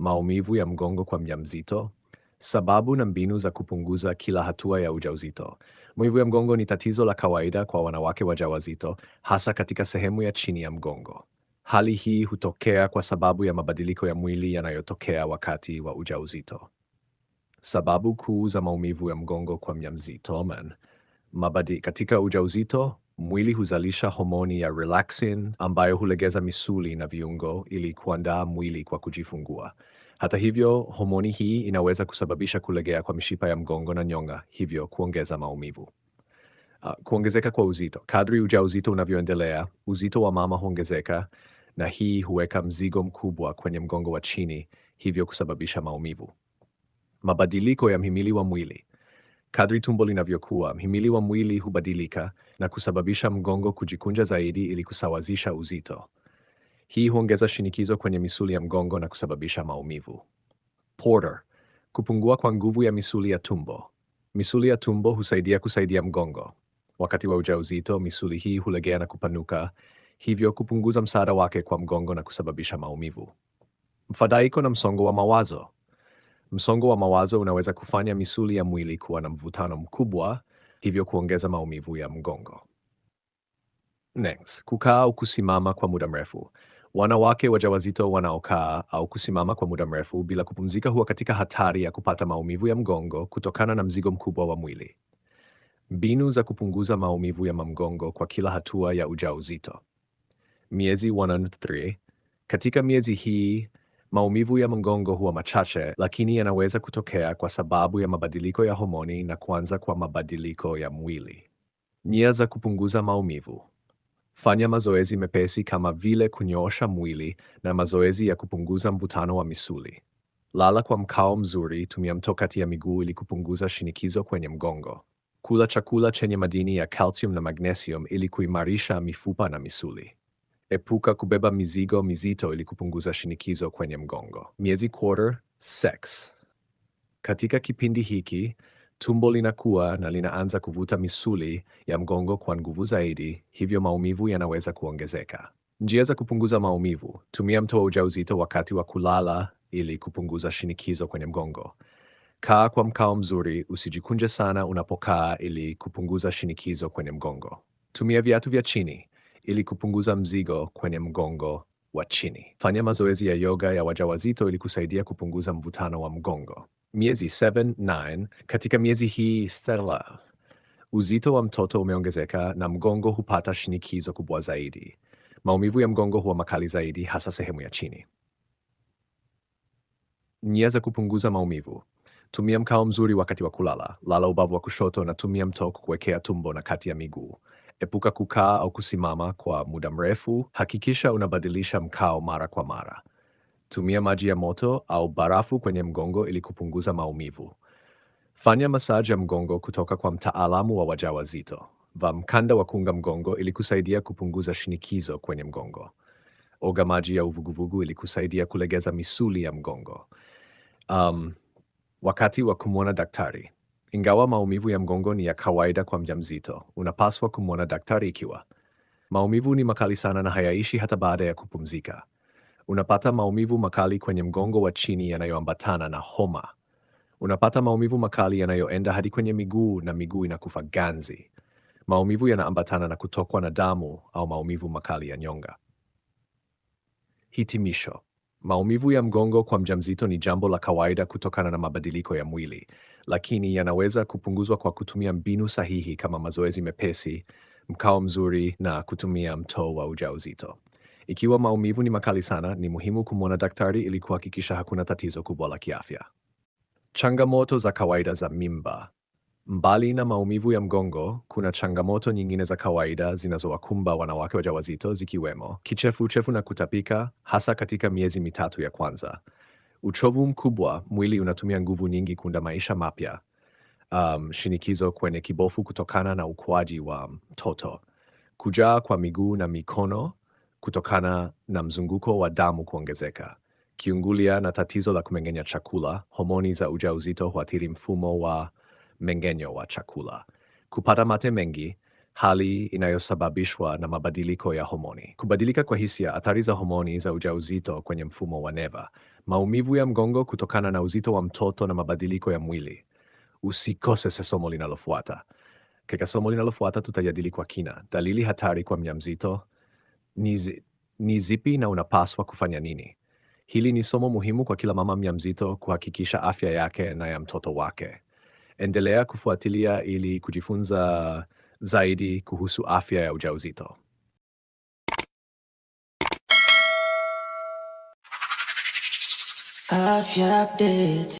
maumivu ya mgongo kwa mjamzito, sababu na mbinu za kupunguza kila hatua ya ujauzito. Maumivu ya mgongo ni tatizo la kawaida kwa wanawake wajawazito, hasa katika sehemu ya chini ya mgongo. Hali hii hutokea kwa sababu ya mabadiliko ya mwili yanayotokea wakati wa ujauzito. Sababu kuu za maumivu ya mgongo kwa mjamzito man. Mabadi, katika ujauzito Mwili huzalisha homoni ya relaxin ambayo hulegeza misuli na viungo ili kuandaa mwili kwa kujifungua. Hata hivyo, homoni hii inaweza kusababisha kulegea kwa mishipa ya mgongo na nyonga, hivyo kuongeza maumivu. Uh, kuongezeka kwa uzito. Kadri ujauzito unavyoendelea, uzito wa mama huongezeka na hii huweka mzigo mkubwa kwenye mgongo wa chini, hivyo kusababisha maumivu. Mabadiliko ya mhimili wa mwili. Kadri tumbo linavyokuwa, mhimili wa mwili hubadilika na kusababisha mgongo kujikunja zaidi ili kusawazisha uzito. Hii huongeza shinikizo kwenye misuli ya mgongo na kusababisha maumivu. Porter, kupungua kwa nguvu ya misuli ya tumbo. Misuli ya tumbo husaidia kusaidia mgongo. Wakati wa ujauzito, misuli hii hulegea na kupanuka, hivyo kupunguza msaada wake kwa mgongo na kusababisha maumivu. Mfadhaiko na msongo wa mawazo. Msongo wa mawazo unaweza kufanya misuli ya mwili kuwa na mvutano mkubwa, hivyo kuongeza maumivu ya mgongo. Next, kukaa au kusimama kwa muda mrefu. Wanawake wajawazito wanaokaa au kusimama kwa muda mrefu bila kupumzika huwa katika hatari ya kupata maumivu ya mgongo kutokana na mzigo mkubwa wa mwili. Mbinu za kupunguza maumivu ya mgongo kwa kila hatua ya ujauzito. Miezi 103. Katika miezi hii Maumivu ya mgongo huwa machache, lakini yanaweza kutokea kwa sababu ya mabadiliko ya homoni na kuanza kwa mabadiliko ya mwili. Njia za kupunguza maumivu: fanya mazoezi mepesi kama vile kunyoosha mwili na mazoezi ya kupunguza mvutano wa misuli. Lala kwa mkao mzuri, tumia mto kati ya miguu ili kupunguza shinikizo kwenye mgongo. Kula chakula chenye madini ya calcium na magnesium ili kuimarisha mifupa na misuli. Epuka kubeba mizigo mizito ili kupunguza shinikizo kwenye mgongo. Miezi quarter sex. Katika kipindi hiki tumbo linakuwa na linaanza kuvuta misuli ya mgongo kwa nguvu zaidi, hivyo maumivu yanaweza kuongezeka. Njia za kupunguza maumivu: tumia mto wa ujauzito wakati wa kulala ili kupunguza shinikizo kwenye mgongo. Kaa kwa mkao mzuri, usijikunje sana unapokaa ili kupunguza shinikizo kwenye mgongo. Tumia viatu vya chini ili kupunguza mzigo kwenye mgongo wa chini. Fanya mazoezi ya yoga ya wajawazito ili kusaidia kupunguza mvutano wa mgongo. Miezi 7 9, katika miezi hii Stella, uzito wa mtoto umeongezeka na mgongo hupata shinikizo kubwa zaidi. Maumivu ya mgongo huwa makali zaidi, hasa sehemu ya chini. Njia za kupunguza maumivu: tumia mkao mzuri wakati wa kulala, lala ubavu wa kushoto na tumia mtoko kuwekea tumbo na kati ya miguu. Epuka kukaa au kusimama kwa muda mrefu. Hakikisha unabadilisha mkao mara kwa mara. Tumia maji ya moto au barafu kwenye mgongo ili kupunguza maumivu. Fanya masaji ya mgongo kutoka kwa mtaalamu wa wajawazito. Vaa mkanda wa kuunga mgongo ili kusaidia kupunguza shinikizo kwenye mgongo. Oga maji ya uvuguvugu ili kusaidia kulegeza misuli ya mgongo. Um, wakati wa kumwona daktari, ingawa maumivu ya mgongo ni ya kawaida kwa mjamzito, unapaswa kumwona daktari ikiwa maumivu ni makali sana na hayaishi hata baada ya kupumzika. Unapata maumivu makali kwenye mgongo wa chini yanayoambatana na homa. Unapata maumivu makali yanayoenda hadi kwenye miguu na miguu inakufa ganzi. Maumivu yanaambatana na kutokwa na damu au maumivu makali ya nyonga. Hitimisho: maumivu ya mgongo kwa mjamzito ni jambo la kawaida kutokana na mabadiliko ya mwili, lakini yanaweza kupunguzwa kwa kutumia mbinu sahihi kama mazoezi mepesi, mkao mzuri na kutumia mto wa ujauzito. Ikiwa maumivu ni makali sana, ni muhimu kumwona daktari ili kuhakikisha hakuna tatizo kubwa la kiafya. Changamoto za kawaida za mimba. Mbali na maumivu ya mgongo, kuna changamoto nyingine za kawaida zinazowakumba wanawake wajawazito zikiwemo kichefuchefu na kutapika, hasa katika miezi mitatu ya kwanza uchovu mkubwa, mwili unatumia nguvu nyingi kuunda maisha mapya. Um, shinikizo kwenye kibofu kutokana na ukuaji wa mtoto, kujaa kwa miguu na mikono kutokana na mzunguko wa damu kuongezeka, kiungulia na tatizo la kumeng'enya chakula. Homoni za ujauzito huathiri mfumo wa mengenyo wa chakula. Kupata mate mengi, hali inayosababishwa na mabadiliko ya homoni. Kubadilika kwa hisia, athari za homoni za ujauzito kwenye mfumo wa neva maumivu ya mgongo kutokana na uzito wa mtoto na mabadiliko ya mwili. Usikose somo linalofuata. Katika somo linalofuata tutajadili kwa kina dalili hatari kwa mjamzito ni zipi na unapaswa kufanya nini. Hili ni somo muhimu kwa kila mama mjamzito kuhakikisha afya yake na ya mtoto wake. Endelea kufuatilia ili kujifunza zaidi kuhusu afya ya ujauzito. Half your updates.